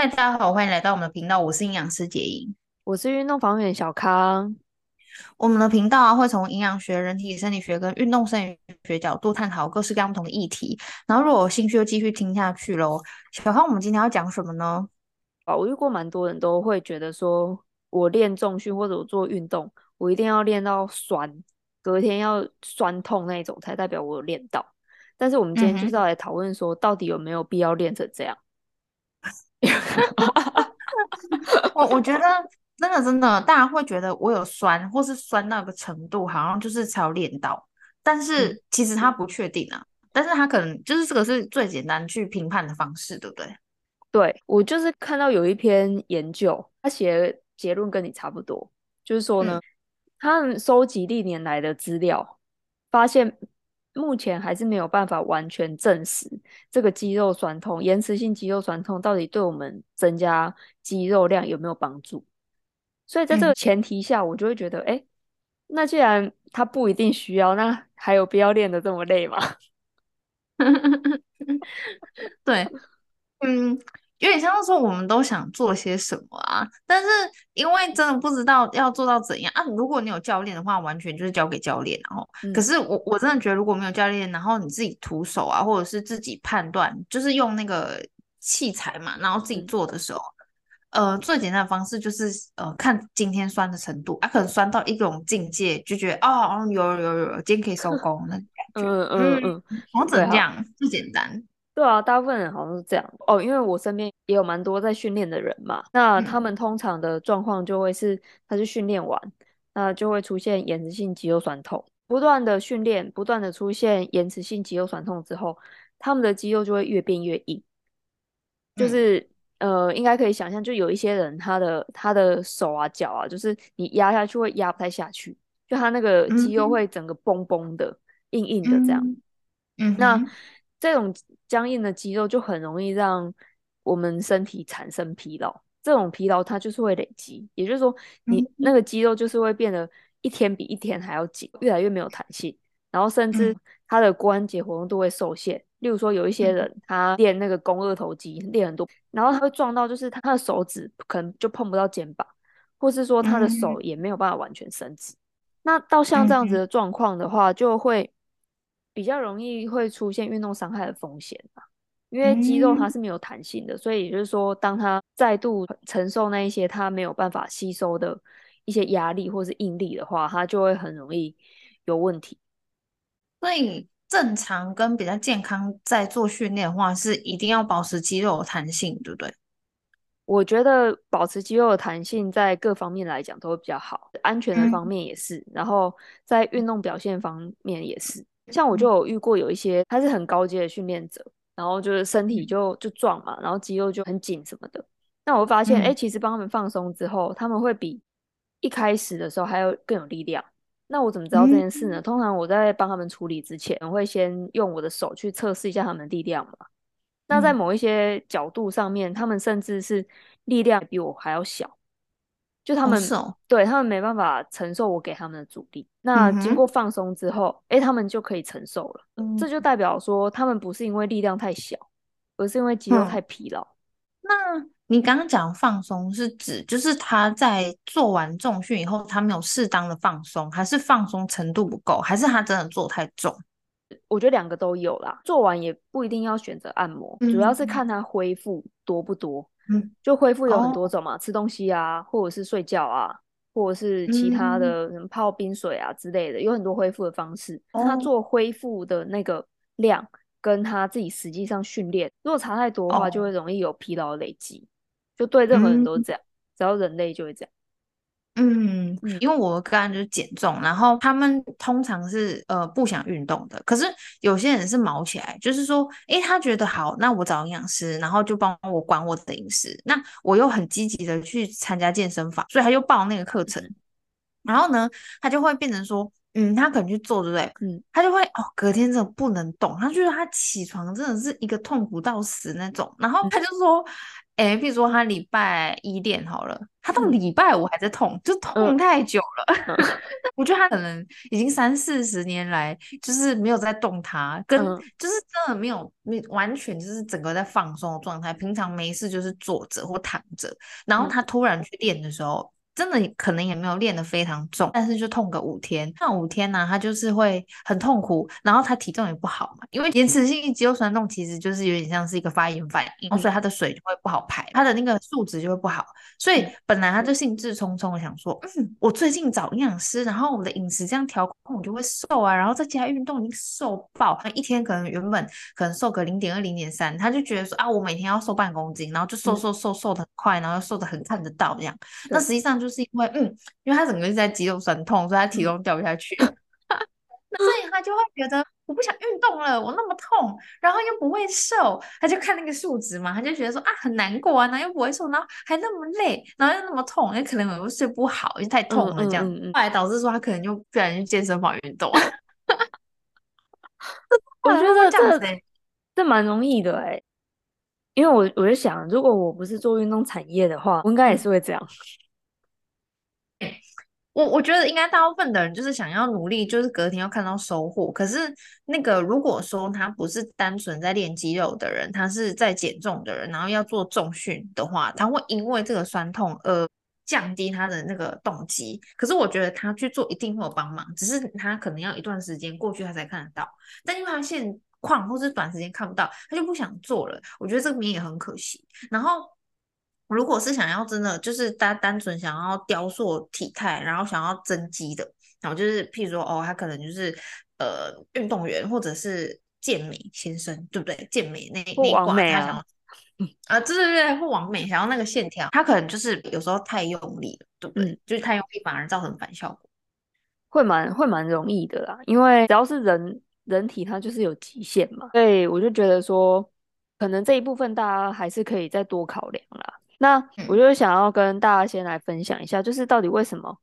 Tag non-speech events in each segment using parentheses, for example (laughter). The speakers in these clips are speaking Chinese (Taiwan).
嗨，大家好，歡迎來到我們的頻道。我是營養師杰英，我是運動防護員的小康。我們的頻道、啊、會從營養學、人體生理學跟運動生理學角度探討各式各樣不同的議題。然後，如果有興趣，就繼續聽下去嘍。小康，我們今天要講什麼呢、啊？我遇過蠻多人都會覺得說，說我練重訓或者我做運動，我一定要練到酸，隔天要酸痛那種，才代表我有練到。但是我們今天就是要來討論，說、嗯、哼到底有沒有必要練成這樣？ (laughs) (laughs) 我我覺得真的真的，大家會覺得我有酸，或是酸那個程度，好像就是才有練到。但是其實他不確定啊，嗯、但是他可能就是這個是最簡單去評判的方式，對不對？對我就是看到有一篇研究，他寫結論跟你差不多，就是說呢，他們收集歷年來的資料，發現。目前還是沒有辦法完全證實這個肌肉痠痛、延遲性肌肉痠痛到底對我們增加肌肉量有沒有幫助。所以在這個前提下，我就會覺得，哎、嗯，那既然它不一定需要，那還有必要練得這麼累嗎？ (laughs) 對，嗯。有點像是說，我們都想做些什麼啊，但是因為真的不知道要做到怎樣啊。如果你有教練的話，完全就是交給教練。然後，嗯、可是我我真的覺得，如果沒有教練，然後你自己徒手啊，或者是自己判斷，就是用那個器材嘛，然後自己做的時候，嗯、呃，最簡單的方式就是呃，看今天痠的程度、啊，可能痠到一種境界，就覺得哦，有有有，今天可以收工，呵呵那感覺，嗯嗯嗯，或者這樣好最簡單。對啊，大部分人好像是這樣哦，因為我身邊也有蠻多在訓練的人嘛，那他們通常的狀況就會是，他就訓練完，那就會出現延遲性肌肉酸痛，不斷的訓練，不斷的出現延遲性肌肉酸痛之後，他們的肌肉就會越變越硬，就是、mm hmm. 呃，應該可以想象，就有一些人他的他的手啊腳啊，就是你壓下去會壓不太下去，就他那個肌肉會整個嘣嘣的、mm hmm. 硬硬的這樣，嗯、mm，hmm. 那。這種僵硬的肌肉就很容易讓我們身體產生疲勞，這種疲勞它就是會累積，也就是說，你那個肌肉就是會變得一天比一天還要緊，越來越沒有彈性，然後甚至它的關節活動度會受限。例如說，有一些人他練那個肱二頭肌練很多，然後他會撞到，就是他的手指可能就碰不到肩膀，或是說他的手也沒有辦法完全伸直。那到像這樣子的狀況的話，就會。比較容易會出現運動傷害的風險嘛，因為肌肉它是沒有彈性的，嗯、所以也就是說，當它再度承受那一些它沒有辦法吸收的一些壓力或是應力的話，它就會很容易有問題。所以正常跟比較健康在做訓練的話，是一定要保持肌肉的彈性，對不對？我覺得保持肌肉的彈性在各方面來講都會比較好，安全的方面也是，嗯、然後在運動表現方面也是。像我就有遇過有一些他是很高階的訓練者，嗯、然後就是身體就就壯嘛，然後肌肉就很緊什麼的。那我會發現，哎、嗯欸，其實幫他們放鬆之後，他們會比一開始的時候還要更有力量。那我怎麼知道這件事呢？嗯、通常我在幫他們處理之前，我會先用我的手去測試一下他們的力量嘛。那在某一些角度上面，他們甚至是力量比我還要小。就他們手對他們沒辦法承受我給他們的阻力，那經過放鬆之後，哎、嗯哼欸，他們就可以承受了。嗯、這就代表說，他們不是因為力量太小，而是因為肌肉太疲勞。嗯、那你剛剛講放鬆是指，就是他在做完重訓以後，他沒有適當的放鬆，還是放鬆程度不夠，還是他真的做太重？我覺得兩個都有啦。做完也不一定要選擇按摩，嗯、哼主要是看他恢復多不多。就恢復有很多種嘛，oh. 吃東西啊，或者是睡覺啊，或者是其他的什麼泡冰水啊之類的，mm. 有很多恢復的方式。Oh. 他做恢復的那個量跟他自己實際上訓練，如果差太多的話，就會容易有疲勞累積，oh. 就對任何人都這樣，mm. 只要人類就會這樣。嗯，因為我個案就是減重，然後他們通常是呃不想運動的。可是有些人是毛起來，就是說，哎，他覺得好，那我找營養師，然後就幫我管我的飲食。那我又很積極的去參加健身房，所以他就報那個課程。然後呢，他就會變成說，嗯，他可能去做對不對？嗯，他就會哦，隔天真的不能動，他就說他起床真的是一個痛苦到死那種。然後他就說。嗯誒、欸、比如說他禮拜一練好了，他到禮拜五還在痛，嗯、就痛太久了。嗯、 (laughs) 我覺得他可能已經三四十年來就是沒有在動它，跟、嗯、就是真的沒有沒完全就是整個在放鬆的狀態。平常沒事就是坐着或躺着，然後他突然去練的時候。嗯真的可能也沒有練得非常重，但是就痛個五天，那五天呢、啊，他就是會很痛苦，然後他體重也不好嘛，因為延遲性肌肉痠痛其實就是有點像是一個發炎反應，所以他的水就會不好排，他的那個數值就會不好，所以本來他就興致沖冲的想說，嗯、我最近找營養師，然後我的飲食這樣調控，我就會瘦啊，然後再加運動，你瘦爆，他一天可能原本可能瘦個零點二零點三，他就覺得說啊，我每天要瘦半公斤，然後就瘦瘦，瘦瘦瘦瘦得很快，然後瘦得很看得到這樣，嗯、那實際上就是。就是因為嗯，因為他整個人在肌肉酸痛，所以他體重掉不下去， (laughs) 那所以他就會覺得我不想運動了，我那麼痛，然後又不會瘦，他就看那個數值嘛，他就覺得說啊，很難過啊，那又不會瘦，然後還那麼累，然後又那麼痛，那可能我又睡不好，因為太痛了這樣子，嗯嗯嗯嗯，後來導致說他可能就不敢去健身房運動。我覺得這樣子這蠻容易的哎，因為我我就想，如果我不是做運動產業的話， (laughs) 我應該也是會這樣。我我覺得應該大部分的人就是想要努力，就是隔天要看到收穫。可是那個如果說他不是單純在練肌肉的人，他是在減重的人，然後要做重訓的話，他會因為這個痠痛而降低他的那個動機。可是我覺得他去做一定會有幫忙，只是他可能要一段時間過去他才看得到。但因為他現況或是短時間看不到，他就不想做了。我覺得這個點也很可惜。然後。如果是想要真的，就是大家單純想要雕塑體態，然後想要增肌的，然後就是譬如說哦，他可能就是呃運動員或者是健美先生，對不對？健美那一館、啊、他想、嗯嗯、啊，對對對，或完美想要那個線條，他可能就是有時候太用力了，對不對？嗯、就是太用力反而造成反效果，會蠻會蠻容易的啦，因為只要是人人體它就是有極限嘛。對，我就覺得說，可能這一部分大家還是可以再多考量啦。那我就想要跟大家先來分享一下，就是到底為什麼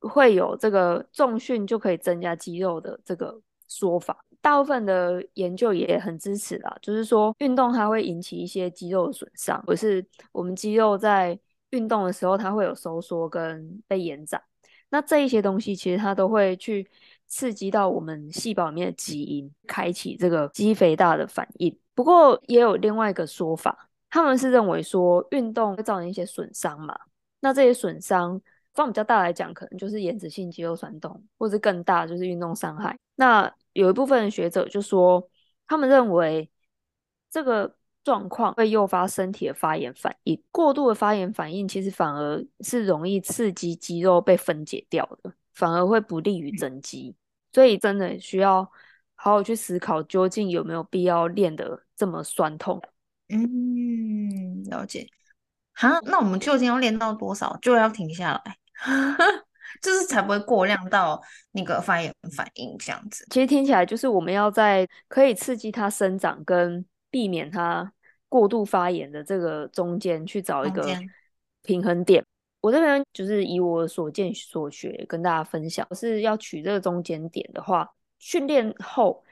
會有這個重訓就可以增加肌肉的這個說法？大部分的研究也很支持啦，就是說運動它會引起一些肌肉損傷，或是我們肌肉在運動的時候它會有收縮跟被延展。那這一些東西其實它都會去刺激到我們細胞裡面的基因，開啟這個肌肥大的反應。不過也有另外一個說法。他們是認為說運動會造成一些損傷嘛？那這些損傷，放比較大來講，可能就是延遲性肌肉痠痛，或者更大就是運動傷害。那有一部分的學者就說，他們認為這個狀況會誘發身體的發炎反應，過度的發炎反應其實反而是容易刺激肌肉被分解掉的，反而會不利於增肌。所以真的需要好好去思考，究竟有沒有必要練得這麼痠痛？嗯，了解。好，那我們究竟要練到多少就要停下來，就 (laughs) 是才不會過量到那個發炎反應這樣子。其實聽起來就是我們要在可以刺激它生長跟避免它過度發炎的這個中間去找一個平衡點。間我這邊就是以我所見所學跟大家分享，是要取這個中間點的話，訓練後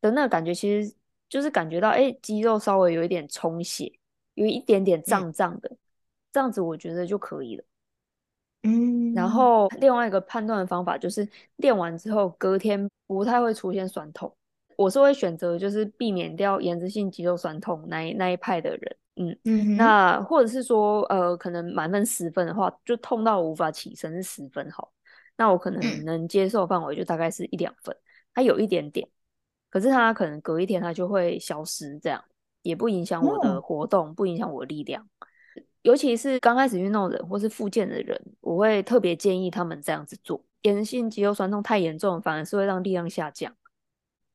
的那個感覺其實。就是感覺到哎、欸，肌肉稍微有一點充血，有一點點脹脹的，嗯、這樣子我覺得就可以了。嗯，然後另外一個判斷的方法就是練完之後隔天不太會出現痠痛。我是會選擇就是避免掉延遲性肌肉痠痛那一那一派的人。嗯嗯哼，那或者是說呃，可能滿分十分的話，就痛到無法起身是十分，好，那我可能能接受範圍就大概是一兩分，還有一點點，可是他可能隔一天他就會消失，這樣也不影響我的活動，嗯、不影響我的力量。尤其是剛開始運動的人或是復健的人，我會特別建議他們這樣子做。延遲性肌肉酸痛太嚴重，反而是會讓力量下降。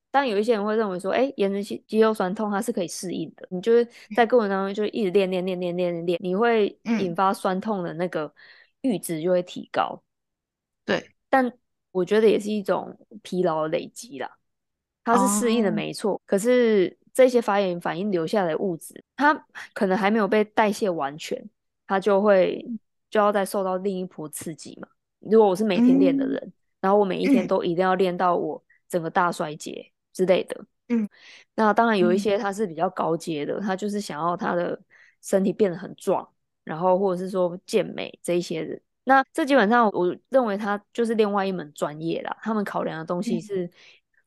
但有一些人會認為說，哎，延遲性肌肉酸痛它是可以適應的，你就是在過程當中就一直練,練練練練練練練，你會引發酸痛的那個閾值就會提高。嗯、對,對，但我覺得也是一種疲勞累積啦。它是適應的沒，沒錯。可是這些發炎反應留下來的物質，它可能還沒有被代謝完全，它就會就要再受到另一波刺激嘛。如果我是每天練的人，嗯、然後我每一天都一定要練到我整個大衰竭之類的，嗯，那當然有一些他是比較高階的，他就是想要他的身體變得很壯，然後或者是說健美這一些的。那這基本上我認為他就是另外一門專業啦，他們考量的東西是、嗯。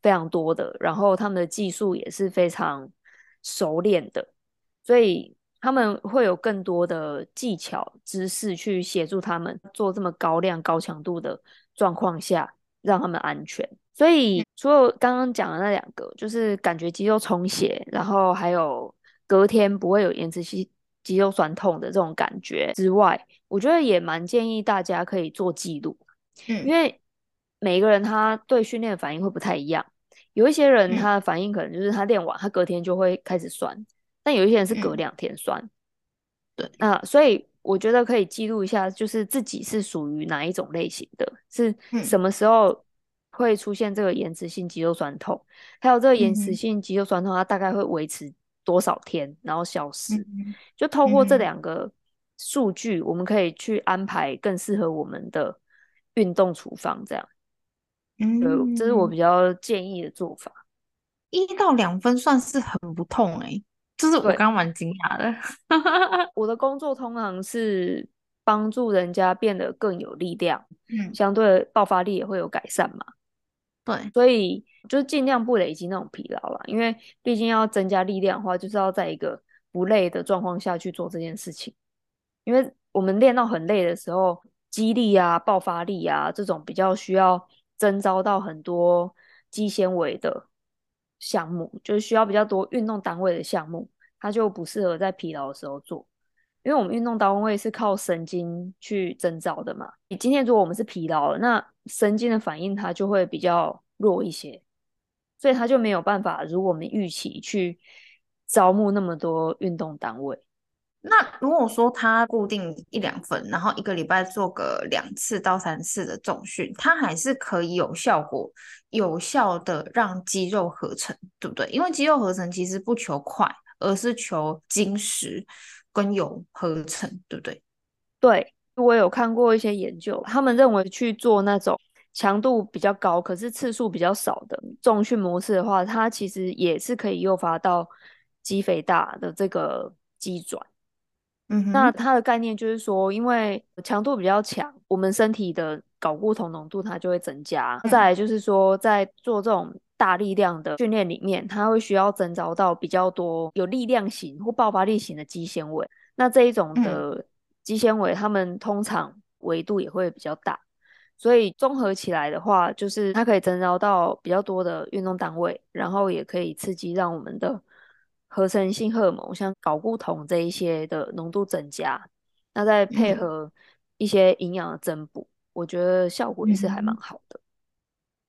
量多的，然後他們的技術也是非常熟練的，所以他們會有更多的技巧、知識去協助他們做這麼高量、高強度的狀況下，讓他們安全。所以除了剛剛講的那兩個，就是感覺肌肉充血，然後還有隔天不會有延遲性肌肉酸痛的這種感覺之外，我覺得也蠻建議大家可以做記錄，因為每個人他對訓練的反應會不太一樣。有一些人，他的反應可能就是他練完，他隔天就會開始痠。但有一些人是隔兩天痠。對，那、啊、所以我覺得可以記錄一下，就是自己是屬於哪一種類型的，是什麼時候會出現這個延遲性肌肉痠痛，還有這個延遲性肌肉痠痛它大概會維持多少天，然後消失。就透過這兩個數據，我們可以去安排更適合我們的運動處方，這樣。嗯，這是我比較建議的做法。一到兩分算是很不痛哎、欸，這是我剛剛蠻驚訝的。對 (laughs) 我的工作通常是幫助人家變得更有力量，嗯，相對的爆發力也會有改善嘛。對，所以就盡量不累積那種疲勞啦，因為畢竟要增加力量的話，就是要在一個不累的狀況下去做這件事情。因為我們練到很累的時候，肌力啊、爆發力啊這種比較需要。徵召到很多肌纖維的項目，就是需要比較多運動單位的項目，它就不適合在疲勞的時候做，因為我們運動單位是靠神經去徵召的嘛。你今天如果我們是疲勞了，那神經的反應它就會比較弱一些，所以它就沒有辦法。如果我們預期去招募那麼多運動單位。那如果說他固定一兩分，然後一個禮拜做個兩次到三次的重訓，他還是可以有效果，有效地讓肌肉合成，對不對？因為肌肉合成其實不求快，而是求精實跟有合成，對不對？對，我有看過一些研究，他們認為去做那種強度比較高，可是次數比較少的重訓模式的話，它其實也是可以誘發到肌肥大的這個機轉。嗯， (noise) 那它的概念就是說，因為強度比較強，我們身體的睾固酮濃度它就會增加。再來就是說，在做這種大力量的訓練裡面，它會需要徵召到比較多有力量型或爆發力型的肌纖維。那這一種的肌纖維，它們通常維度也會比較大。所以綜合起來的話，就是它可以徵召到比較多的運動單位，然後也可以刺激讓我們的，合成性荷爾蒙，像睾固酮這一些的濃度增加，那再配合一些營養的增補，嗯、我覺得效果也是還蠻好的。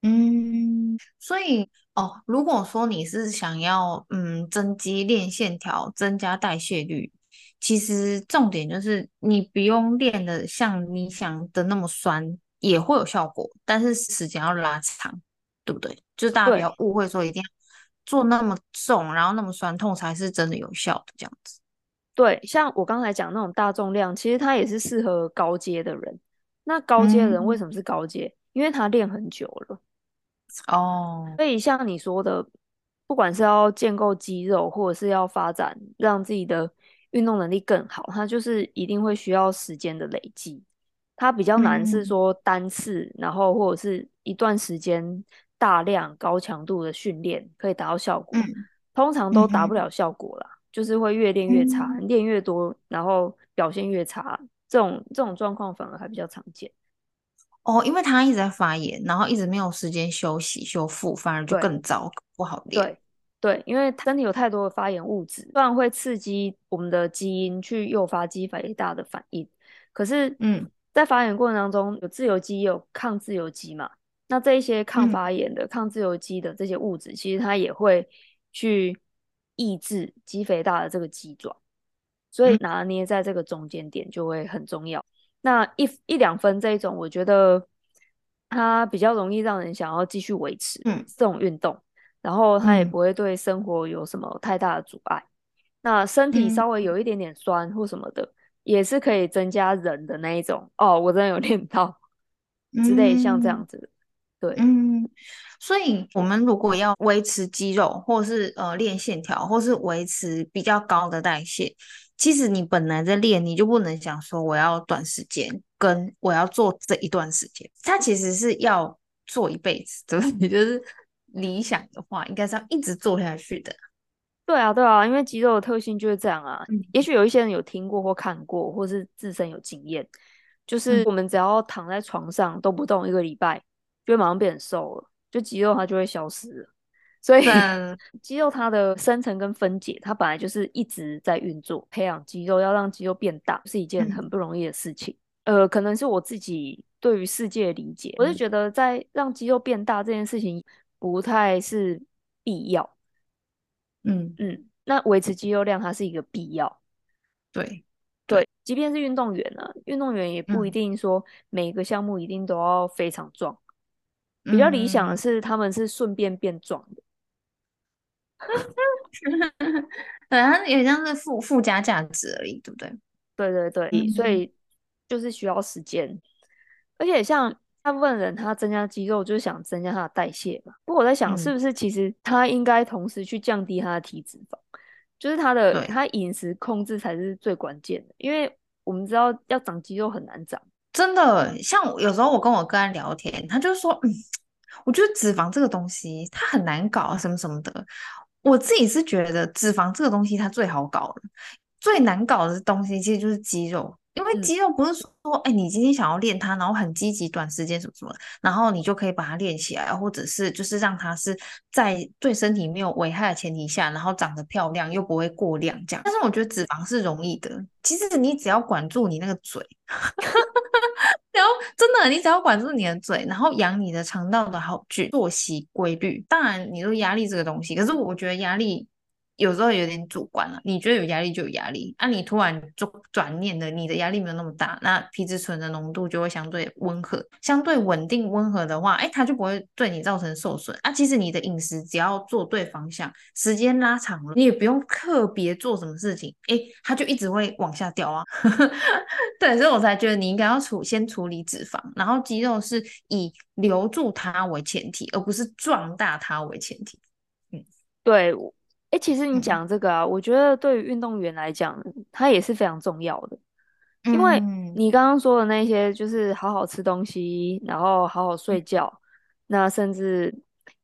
嗯，所以哦，如果說你是想要嗯增肌、練線條、增加代謝率，其實重點就是你不用練的像你想的那麼酸也會有效果，但是時間要拉長，對不對？對，就大家不要誤會說一定要。做那麼重，然後那麼痠痛，才是真的有效的這樣子。對，像我剛才講那種大重量，其實它也是適合高階的人。那高階的人為什麼是高階？嗯、因為他練很久了。哦。所以像你說的，不管是要建構肌肉，或者是要發展，讓自己的運動能力更好，它就是一定會需要時間的累積。它比較難是說單次，嗯、然後或者是一段時間。大量高強度的訓練可以達到效果，嗯、通常都達不了效果啦，嗯、哼就是會越練越差，練、嗯、越多，然後表現越差，這種這種狀況反而還比較常見。哦，因為他一直在發炎，然後一直沒有時間休息修復，反而就更糟，對不好練。對對，因為他身體有太多的發炎物質，不然會刺激我們的基因去誘發肌肥大的反應，可是嗯，在發炎過程當中、嗯、有自由基，也有抗自由基嘛。那這一些抗發炎的、嗯、抗自由基的這些物質，其實它也會去抑制肌肥大的這個機轉，所以拿捏在這個中間點就會很重要。嗯、那一一兩分這一種，我覺得它比較容易讓人想要繼續維持這種運動，嗯、然後它也不會對生活有什麼太大的阻礙。嗯、那身體稍微有一點點酸或什麼的，嗯、也是可以增加人的那一種哦。我真的有練到之類、嗯、像這樣子。對，嗯，所以，我們如果要維持肌肉，或是呃練線條，或是維持比較高的代謝，其實你本來在練，你就不能想說我要短時間跟我要做這一段時間，它其實是要做一輩子，就是你就是理想的話，應該是要一直做下去的。對啊，對啊，因為肌肉的特性就是這樣啊。嗯、也許有一些人有聽過或看過，或是自身有經驗，就是我們只要躺在床上都、嗯、不動一個禮拜。就馬上變瘦了，就肌肉它就會消失了。所以那肌肉它的生成跟分解，它本來就是一直在運作，培養肌肉要讓肌肉變大是一件很不容易的事情。嗯、呃，可能是我自己對於世界的理解，我是覺得在讓肌肉變大這件事情不太是必要。嗯嗯，那維持肌肉量它是一個必要。對對，對，即便是運動員呢、啊，運動員也不一定說每個項目一定都要非常壯。比較理想的是，他們是順便變壯的，嗯，他有點像是附附加價值而已，對不對？對對對，嗯，所以就是需要時間。而且像大部分人，他增加肌肉就是想增加他的代謝嘛。不過我在想，是不是其實他應該同時去降低他的體脂肪，嗯，就是他的對他飲食控制才是最關鍵的，因為我們知道要長肌肉很難長。真的，像有時候我跟我哥在聊天，他就說，嗯，我覺得脂肪這個東西它很難搞啊，什麼什麼的。我自己是覺得脂肪這個東西它最好搞了，最難搞的東西其實就是肌肉，因為肌肉不是說，嗯，哎，你今天想要練它，然後很積極，短時間什麼什麼，然後你就可以把它練起來，或者是就是讓它是在對身體沒有危害的前提下，然後長得漂亮又不會過量這樣。但是我覺得脂肪是容易的，其實你只要管住你那個嘴。 (laughs) 然後真的，你只要管住你的嘴，然後養你的腸道的好菌，作息規律。當然，你說壓力這個東西，可是我覺得壓力。有時候有點主觀了、啊，你覺得有壓力就有壓力，那、啊、你突然就轉念的，你的壓力沒有那麼大，那皮質醇的濃度就會相對溫和、相對穩定。溫和的話，哎，它就不會對你造成受損。啊，其實你的飲食只要做對方向，時間拉長了，你也不用特別做什麼事情，哎，它就一直會往下掉啊。呵呵。對，所以我才覺得你應該要處，先處理脂肪，然後肌肉是以留住它為前提，而不是壯大它為前提。嗯，對。哎、欸，其實你講這個啊，嗯、我覺得對於運動員來講，它也是非常重要的。嗯、因為你剛剛說的那些，就是好好吃東西，然後好好睡覺，那甚至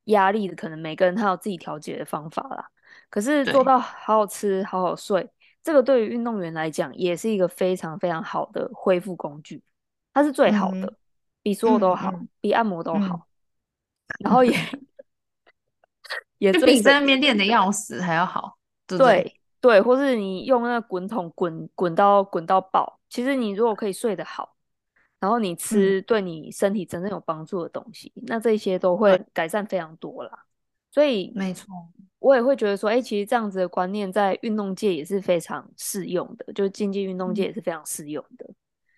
壓力的，可能每個人他有自己調節的方法啦。可是做到好好吃、對好好睡，這個對於運動員來講，也是一個非常非常好的恢復工具。它是最好的，嗯、比所有都好，嗯、比按摩都好，嗯、然後也。嗯 (laughs) 就比在那邊練的要死還要好，對對，好對，對，對，對，或是你用那個滾筒滾滾到滾到爆，其實你如果可以睡得好，然後你吃對你身體真正有幫助的東西，嗯、那這些都會改善非常多啦。啊、所以沒錯，我也會覺得說，哎、欸，其實這樣子的觀念在運動界也是非常適用的，就競技運動界也是非常適用的。嗯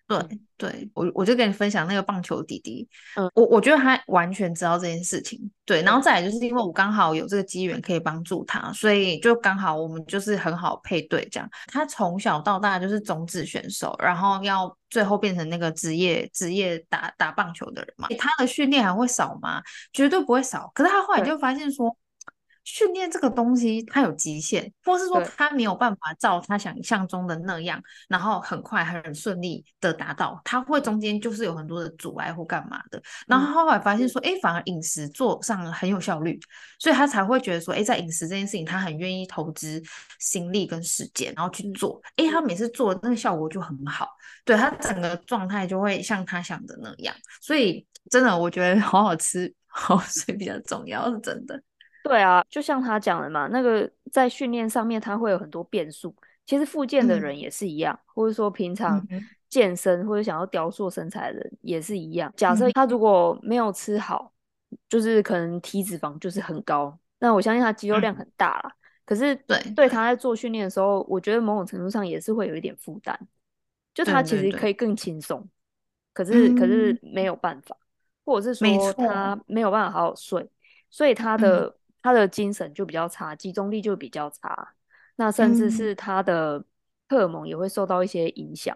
對對，我我就跟你分享那個棒球弟弟，嗯，我我覺得他完全知道這件事情，對，嗯，然後再來就是因為我剛好有這個機緣可以幫助他，所以就剛好我們就是很好配對這樣。他從小到大就是種子選手，然後要最後變成那個職業職業打打棒球的人嘛，他的訓練還會少嗎？絕對不會少。可是他後來就發現說。訓練這個東西，它有極限，或是說他沒有辦法照他想象中的那樣，對然後很快，很順利的達到，他會中間就是有很多的阻礙或幹嘛的。然後後來發現說，哎，嗯，反而飲食做上很有效率，所以他才會覺得說，哎，在飲食這件事情，他很願意投資心力跟時間，然後去做。哎，嗯，他每次做的那個效果就很好，對，他整個狀態就會像他想的那樣。所以真的，我覺得好好吃，好睡比較重要，是真的。對啊，就像他講的嘛，那個在訓練上面他會有很多變數。其實復健的人也是一樣，嗯、或者說平常健身或者想要雕塑身材的人也是一樣。假設他如果沒有吃好，嗯、就是可能體脂肪就是很高。那我相信他肌肉量很大啦。嗯、可是對對他在做訓練的時候，我覺得某種程度上也是會有一點負擔。就他其實可以更輕鬆，對對對、可是可是沒有辦法，嗯、或者是說他沒有辦法好好睡，沒錯、所以他的、嗯。他的精神就比較差，集中力就比較差，那甚至是他的荷爾蒙也會受到一些影響，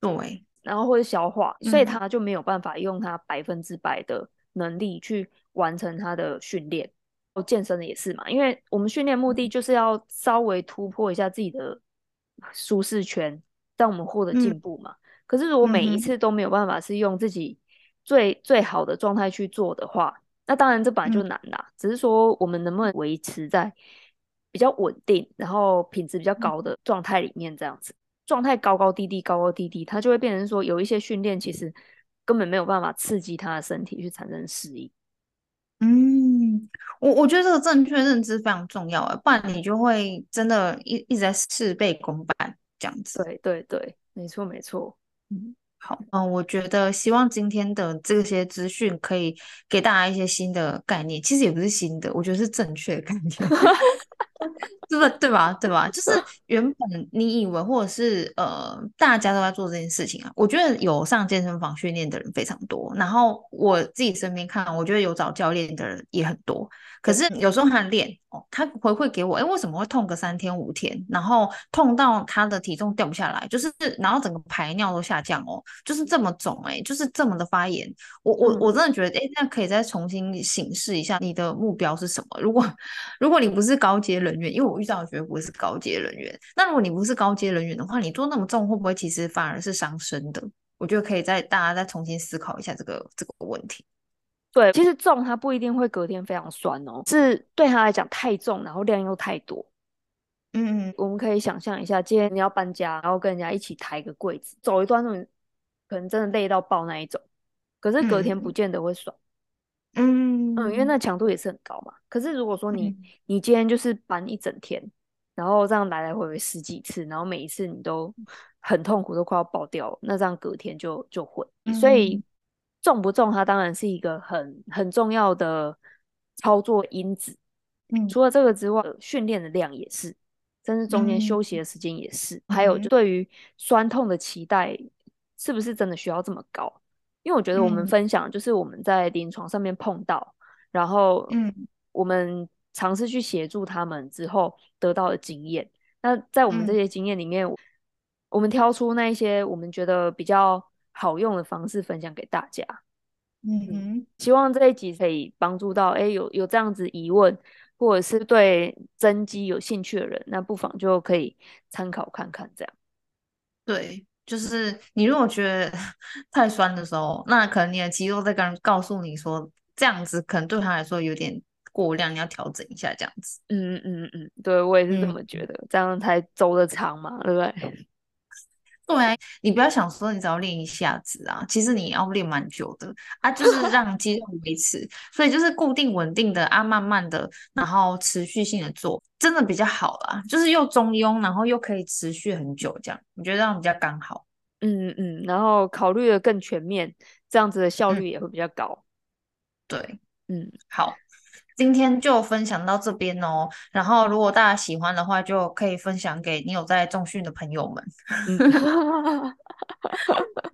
嗯、對，然後會消化，嗯、所以他就沒有辦法用他百分之百的能力去完成他的訓練。我健身的也是嘛，因為我們訓練目的就是要稍微突破一下自己的舒適圈，讓我們獲得進步嘛。嗯、可是如果每一次都沒有辦法是用自己最，嗯、最好的狀態去做的話，那當然，這本來就難啦，嗯、只是說我們能不能維持在比較穩定，然後品質比較高的狀態裡面，這樣子狀態、嗯、高高低低，高高低低，它就會變成說有一些訓練其實根本沒有辦法刺激他的身體去產生適應。嗯，我我覺得這個正確認知非常重要啊，不然你就會真的一一直在事倍功半這樣子。對對對，沒錯沒錯，嗯。好，嗯，我覺得希望今天的這些資訊可以給大家一些新的概念，其實也不是新的，我覺得是正確的概念。 (laughs) 是不， (laughs) 對吧？對吧？就是原本你以為，或者是呃，大家都在做這件事情啊。我覺得有上健身房訓練的人非常多，然後我自己身邊看，我覺得有找教練的人也很多。可是有時候他練哦，他回饋給我，哎，為什麼會痛個三天五天？然後痛到他的體重掉不下來，就是然後整個排尿都下降哦，就是這麼腫哎，就是這麼的發炎。我我我真的覺得，哎，那可以再重新審視一下你的目標是什麼？如果如果你不是高級。接人員，因為我遇到的絕對不是高階人員。那如果你不是高階人員的話，你做那麼重，會不會其實反而是傷身的？我覺得可以再大家再重新思考一下這個這個問題。對，其實重它不一定會隔天非常酸哦，是對他來講太重，然後量又太多。嗯嗯，我們可以想象一下，今天你要搬家，然後跟人家一起抬個櫃子，走一段路，可能真的累到爆那一種。可是隔天不見得會酸。嗯嗯、mm hmm. 嗯，因為那強度也是很高嘛。可是如果說你、mm hmm. 你今天就是搬一整天，然後這樣來來回回十幾次，然後每一次你都很痛苦，都快要爆掉，那這樣隔天就就會。Mm hmm. 所以重不重，它當然是一個很很重要的操作因子。Mm hmm. 除了這個之外，訓練的量也是，甚至中間休息的時間也是，mm hmm. 還有就對於酸痛的期待，是不是真的需要這麼高？因為我覺得我們分享就是我們在臨床上面碰到，嗯、然後我們嘗試去協助他們之後得到的經驗。嗯、那在我們這些經驗裡面，嗯、我們挑出那一些我們覺得比較好用的方式分享給大家。嗯，哼嗯，希望這一集可以幫助到誒、欸，有有這樣子疑問或者是對增肌有興趣的人，那不妨就可以參考看看這樣。對。就是你如果覺得太酸的時候，那可能你的肌肉在跟人告訴你說，這樣子可能對他來說有點過量，你要調整一下這樣子。嗯嗯嗯嗯，對，我也是這麼覺得，嗯、這樣才走得長嘛，對不對？嗯對，你不要想說你只要練一下子啊，其實你要練蠻久的啊，就是讓肌肉維持， (laughs) 所以就是固定穩定的啊，慢慢的，然後持續性的做，真的比較好啦，就是又中庸，然後又可以持續很久，這樣我覺得這樣比較剛好，嗯嗯，然後考慮的更全面，這樣子的效率也會比較高，嗯、對，嗯，好。今天就分享到這邊哦，然後如果大家喜歡的話，就可以分享給你有在重訓的朋友們。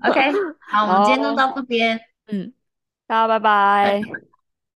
OK，好，好，我們今天就到這邊，嗯，大家拜拜。拜拜。